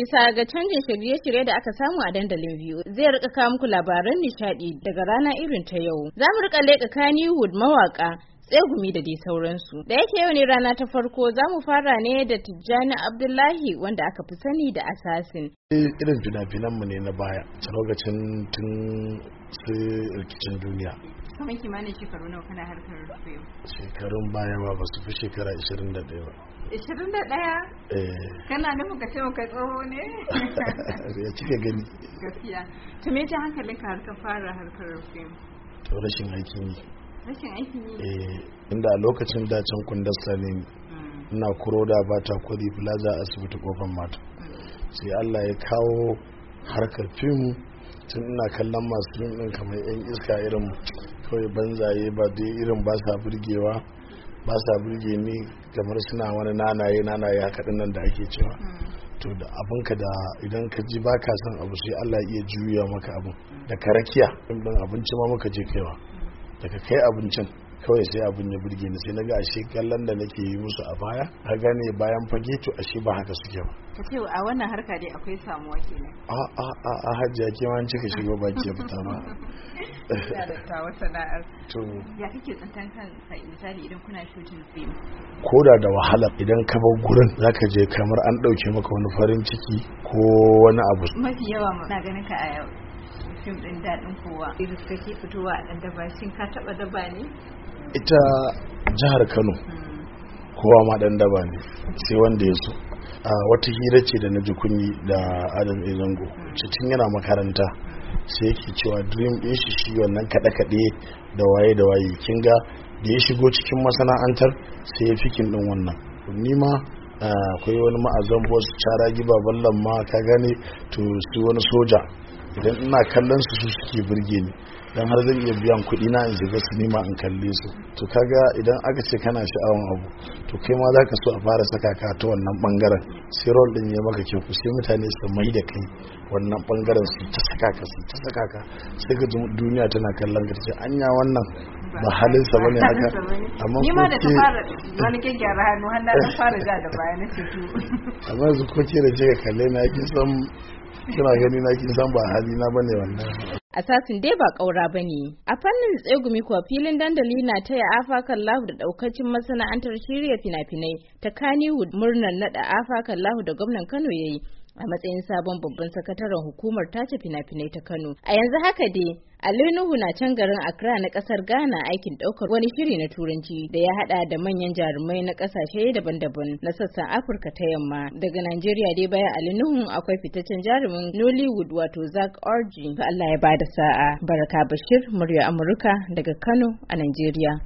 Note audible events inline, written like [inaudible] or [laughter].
bisa ga canjin shirye-shirye da aka samu a dandalin biyu zai rika kawo muku labaran nishadi daga rana irin ta yau za mu rika leka kaniwood mawaka tsegumi da dai sauransu da yake yau ne rana ta farko za mu fara ne da tijjani abdullahi wanda aka fi sani da assassin eh, irin fina-finanmu ne na baya lokacin tun sai rikicin duniya kamar kimanin shekaru nawa kana harkar rufe shekarun baya ba su fi shekara 21 ba 21 eh. kana nufin ka ce maka tsoho ne [laughs] ya cika gani gaskiya to me ta hankalin ka harkar fara harkar rufe to rashin aiki ne rashin aiki ne eh inda lokacin da can kundasta ne hmm. ina kuro da ba ta kwari plaza asibiti kofar mata hmm. sai Allah ya kawo harkar fim tun ina kallon masu yin kamar yan iska irin kawai banzaye ba dai irin ba sa burgewa ba sa burge ni kamar suna wani nanaye nanaye haka nan da ake cewa mm. to da ka da idan ka ji ba ka son abu sai Allah iya juya maka abu da ka rakiya abinci ma muka je kaiwa daga kai abincin kawai sai abin ya burge ni sai naga ashe kallon da nake yi musu a baya ka gane bayan fage to ashe ba haka suke ba ka ce a wannan harka dai akwai samuwa kenan a a a a hajjiya ke ma cika shigo ba ke fita ba da tawa sana'ar [laughs] to ya kike tsantan kan sai misali idan kuna shooting film koda da wahala idan ka bar gurin zaka je kamar an dauke maka wani farin ciki ko wani abu mafi yawa na ganin ka a yau daɗin ita jihar kano kowa ma ɗan daba ne sai wanda ya so a wata hira ce da na ji kunyi da adam zango cikin yana makaranta sai yake cewa dream ɗin shi shi wannan kaɗe-kaɗe da waye da waye kin ga da ya shigo cikin masana'antar sai ya fikin ɗin wannan ni ma akwai wani ma'azan bos cara giba ballan ma ka gane to su wani soja idan ina kallon su su suke burge ni dan har zan iya biyan kuɗi na in shiga sinima in kalle su to kaga idan aka ce kana sha'awan abu to kai ma zaka so a fara saka ka ta wannan bangaren sai role din ya maka kyau sai mutane su mai da kai wannan bangaren su ta saka ka su ta saka ka sai ka duniya tana kallon ka ta ce anya wannan ba halinsa ba ne haka amma ko ke da ta fara wani gyara hannu hannu ta fara ja da baya na ceto [laughs] amma su ko ke da jiga kalle na kin san kina gani na kin san ba hali na bane wannan sasin dai ba kaura ba ne a fannin tsegumi kuwa filin dandali na taya afakan lahu da daukacin masana'antar shirya fina-finai ta kaniwood murnar nada afakan lahu da gwamnan kano yayi a matsayin sabon babban sakataren hukumar tace fina-finai ta Kano. A yanzu haka dai Ali Nuhu na can garin Accra na kasar Ghana aikin ɗaukar wani shiri na turanci da ya hada da manyan jarumai na ƙasashe daban-daban na sassan Afirka ta yamma. Daga Najeriya dai baya Ali Nuhu akwai fitaccen jarumin Nollywood wato Zack Orji. Allah ya bada sa'a. Baraka Bashir, murya Amurka daga Kano a Najeriya.